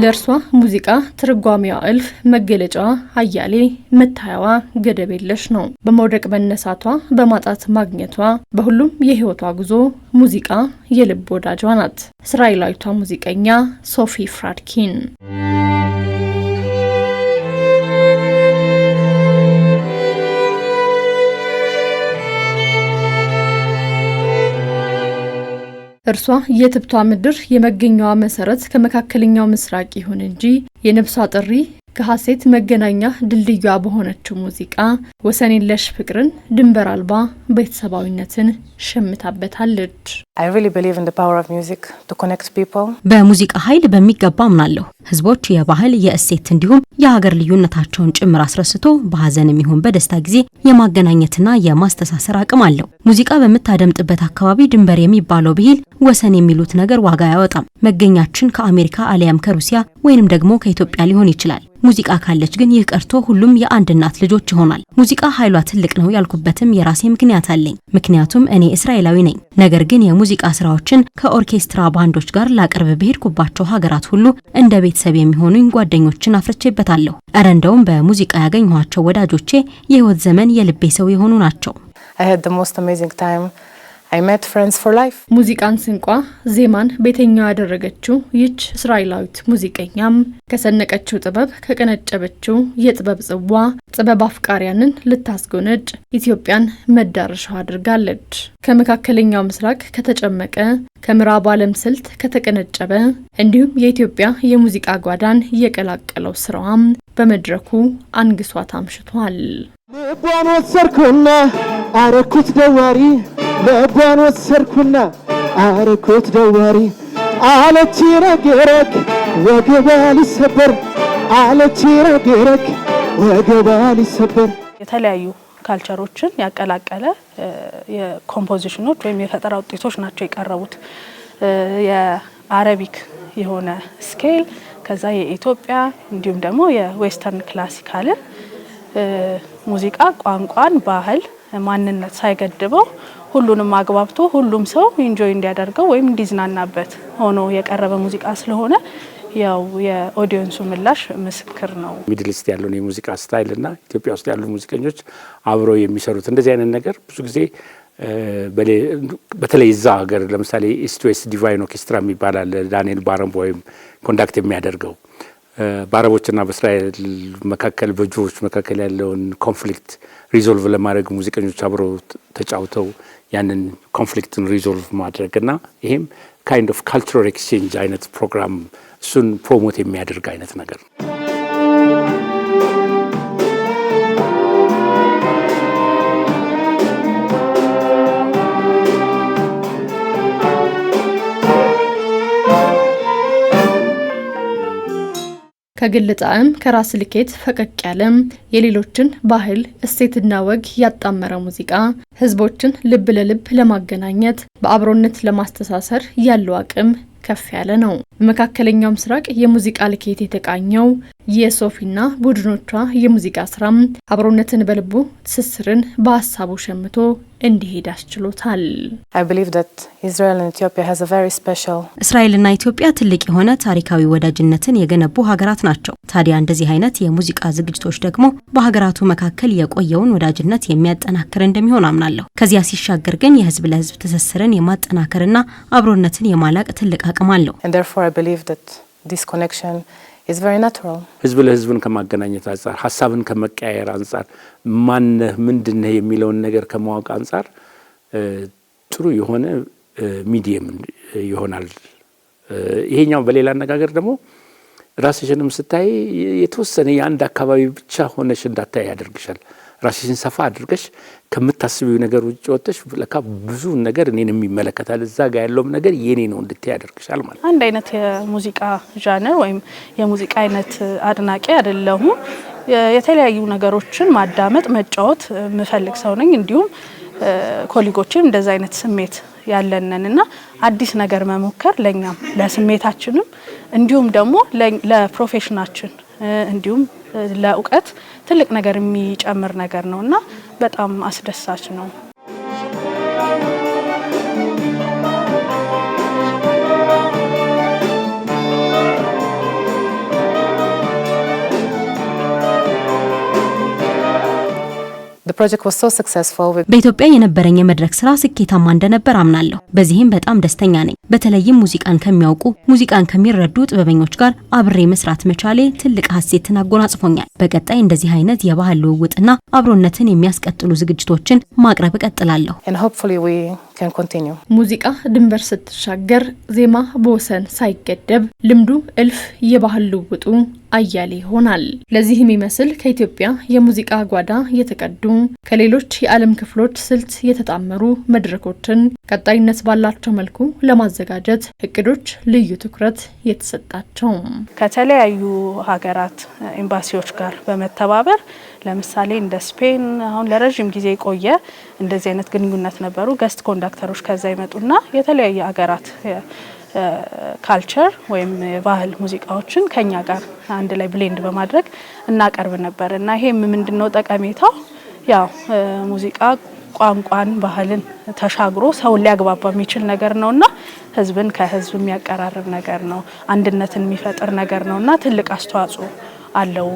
ለእርሷ ሙዚቃ ትርጓሜዋ እልፍ፣ መገለጫዋ አያሌ፣ መታያዋ ገደብ የለሽ ነው። በመውደቅ መነሳቷ፣ በማጣት ማግኘቷ፣ በሁሉም የህይወቷ ጉዞ ሙዚቃ የልብ ወዳጇ ናት። እስራኤላዊቷ ሙዚቀኛ ሶፊ ፍራድኪን እርሷ የትብቷ ምድር የመገኛዋ መሰረት ከመካከለኛው ምስራቅ ይሁን እንጂ የነብሷ ጥሪ ከሐሴት መገናኛ ድልድያ በሆነችው ሙዚቃ ወሰን የለሽ ፍቅርን፣ ድንበር አልባ ቤተሰባዊነትን ሸምታበታለች። በሙዚቃ ኃይል በሚገባ አምናለሁ። ህዝቦች የባህል የእሴት እንዲሁም የሀገር ልዩነታቸውን ጭምር አስረስቶ በሀዘን የሚሆን በደስታ ጊዜ የማገናኘትና የማስተሳሰር አቅም አለው። ሙዚቃ በምታደምጥበት አካባቢ ድንበር የሚባለው ብሂል ወሰን የሚሉት ነገር ዋጋ አያወጣም። መገኛችን ከአሜሪካ አሊያም ከሩሲያ ወይንም ደግሞ ከኢትዮጵያ ሊሆን ይችላል። ሙዚቃ ካለች ግን ይህ ቀርቶ ሁሉም የአንድ እናት ልጆች ይሆናል። ሙዚቃ ኃይሏ ትልቅ ነው ያልኩበትም የራሴ ምክንያት አለኝ። ምክንያቱም እኔ እስራኤላዊ ነኝ። ነገር ግን የሙዚቃ ስራዎችን ከኦርኬስትራ ባንዶች ጋር ላቀርብ በሄድኩባቸው ሀገራት ሁሉ እንደ ቤተሰብ የሚሆኑኝ ጓደኞችን አፍርቼበታለሁ። እረ እንደውም በሙዚቃ ያገኘኋቸው ወዳጆቼ የህይወት ዘመን የልቤ ሰው የሆኑ ናቸው። ሙዚቃን ስንቋ ዜማን ቤተኛው ያደረገችው ይች እስራኤላዊት ሙዚቀኛም ከሰነቀችው ጥበብ ከቀነጨበችው የጥበብ ጽዋ ጥበብ አፍቃሪያንን ልታስጎነጭ ኢትዮጵያን መዳረሻው አድርጋለች። ከመካከለኛው ምስራቅ ከተጨመቀ ከምዕራብ ዓለም ስልት ከተቀነጨበ እንዲሁም የኢትዮጵያ የሙዚቃ ጓዳን የቀላቀለው ስራዋም በመድረኩ አንግሷ ታምሽቷል። ልቧን ወሰድኩና አረኩት ደዋሪ ልቧን ወሰርኩና አረኩት ደዋሪ አለች ረግረግ ወገባ ሊሰበር አለች ረግረግ ወገባ ሊሰበር የተለያዩ ካልቸሮችን ያቀላቀለ የኮምፖዚሽኖች ወይም የፈጠራ ውጤቶች ናቸው የቀረቡት። የአረቢክ የሆነ ስኬል ከዛ የኢትዮጵያ እንዲሁም ደግሞ የዌስተርን ክላሲካልን ሙዚቃ ቋንቋን ባህል ማንነት ሳይገድበው ሁሉንም አግባብቶ ሁሉም ሰው ኢንጆይ እንዲያደርገው ወይም እንዲዝናናበት ሆኖ የቀረበ ሙዚቃ ስለሆነ ያው የኦዲየንሱ ምላሽ ምስክር ነው። ሚድል ኢስት ያለውን የሙዚቃ ስታይል እና ኢትዮጵያ ውስጥ ያሉ ሙዚቀኞች አብረው የሚሰሩት እንደዚህ አይነት ነገር ብዙ ጊዜ በተለይ እዛ ሀገር ለምሳሌ ኢስት ዌስት ዲቫይን ኦርኬስትራ የሚባል አለ። ዳንኤል ባረንቦ ወይም ኮንዳክት የሚያደርገው በአረቦችና በእስራኤል መካከል በጆዎች መካከል ያለውን ኮንፍሊክት ሪዞልቭ ለማድረግ ሙዚቀኞች አብረው ተጫውተው ያንን ኮንፍሊክትን ሪዞልቭ ማድረግ እና ይሄም ካይንድ ኦፍ ካልቸራል ኤክስቼንጅ አይነት ፕሮግራም እሱን ፕሮሞት የሚያደርግ አይነት ነገር ነው። ከግል ጣዕም ከራስ ልኬት ፈቀቅ ያለም የሌሎችን ባህል እሴትና ወግ ያጣመረ ሙዚቃ ህዝቦችን ልብ ለልብ ለማገናኘት በአብሮነት ለማስተሳሰር ያለው አቅም ከፍ ያለ ነው። በመካከለኛው ምስራቅ የሙዚቃ ልኬት የተቃኘው የሶፊና ቡድኖቿ የሙዚቃ ስራም አብሮነትን በልቡ ትስስርን በሀሳቡ ሸምቶ እንዲሄድ አስችሎታል። እስራኤልና ኢትዮጵያ ትልቅ የሆነ ታሪካዊ ወዳጅነትን የገነቡ ሀገራት ናቸው። ታዲያ እንደዚህ አይነት የሙዚቃ ዝግጅቶች ደግሞ በሀገራቱ መካከል የቆየውን ወዳጅነት የሚያጠናክር እንደሚሆን አምናለሁ። ከዚያ ሲሻገር ግን የህዝብ ለህዝብ ትስስርን የማጠናከርና አብሮነትን የማላቅ ትልቅ አቅም አለው። ህዝብ ለህዝብን ከማገናኘት አንጻር፣ ሀሳብን ከመቀያየር አንጻር፣ ማነህ ምንድነህ የሚለውን ነገር ከማወቅ አንጻር ጥሩ የሆነ ሚዲየም ይሆናል። ይሄኛው በሌላ አነጋገር ደግሞ ራስሽንም ስታይ የተወሰነ የአንድ አካባቢ ብቻ ሆነሽ እንዳታይ ያደርግሻል። ራስሽን ሰፋ አድርገሽ ከምታስቢው ነገር ውጭ ወጥተሽ ለካ ብዙ ነገር እኔን የሚመለከታል እዛ ጋር ያለውም ነገር የኔ ነው እንድትይ ያደርግሻል ማለት አንድ አይነት የሙዚቃ ዣነር ወይም የሙዚቃ አይነት አድናቂ አይደለሁም። የተለያዩ ነገሮችን ማዳመጥ፣ መጫወት የምፈልግ ሰው ነኝ። እንዲሁም ኮሊጎችም እንደዚ አይነት ስሜት ያለንን እና አዲስ ነገር መሞከር ለእኛም ለስሜታችንም እንዲሁም ደግሞ ለፕሮፌሽናችን እንዲሁም ለእውቀት ትልቅ ነገር የሚጨምር ነገር ነው እና በጣም አስደሳች ነው። በኢትዮጵያ የነበረኝ የመድረክ ስራ ስኬታማ እንደነበር አምናለሁ። በዚህም በጣም ደስተኛ ነኝ። በተለይም ሙዚቃን ከሚያውቁ ሙዚቃን ከሚረዱ ጥበበኞች ጋር አብሬ መስራት መቻሌ ትልቅ ሀሴትን አጎናጽፎኛል። በቀጣይ እንደዚህ አይነት የባህል ልውውጥና አብሮነትን የሚያስቀጥሉ ዝግጅቶችን ማቅረብ እቀጥላለሁ። ሙዚቃ ድንበር ስትሻገር፣ ዜማ በወሰን ሳይገደብ፣ ልምዱ እልፍ፣ የባህል ልውውጡ አያሌ ይሆናል። ለዚህም ይመስል ከኢትዮጵያ የሙዚቃ ጓዳ የተቀዱ ከሌሎች የዓለም ክፍሎች ስልት የተጣመሩ መድረኮችን ቀጣይነት ባላቸው መልኩ ለማዘጋጀት እቅዶች ልዩ ትኩረት የተሰጣቸው ከተለያዩ ሀገራት ኤምባሲዎች ጋር በመተባበር ለምሳሌ እንደ ስፔን አሁን ለረዥም ጊዜ የቆየ እንደዚህ አይነት ግንኙነት ነበሩ። ገስት ኮንዳክተሮች ከዛ ይመጡና የተለያየ ሀገራት ካልቸር ወይም ባህል ሙዚቃዎችን ከኛ ጋር አንድ ላይ ብሌንድ በማድረግ እናቀርብ ነበር እና ይሄም ምንድነው ጠቀሜታው? ያው ሙዚቃ ቋንቋን ባህልን ተሻግሮ ሰውን ሊያግባባ የሚችል ነገር ነው እና ህዝብን ከህዝብ የሚያቀራርብ ነገር ነው። አንድነትን የሚፈጥር ነገር ነው እና ትልቅ አስተዋጽኦ አለው።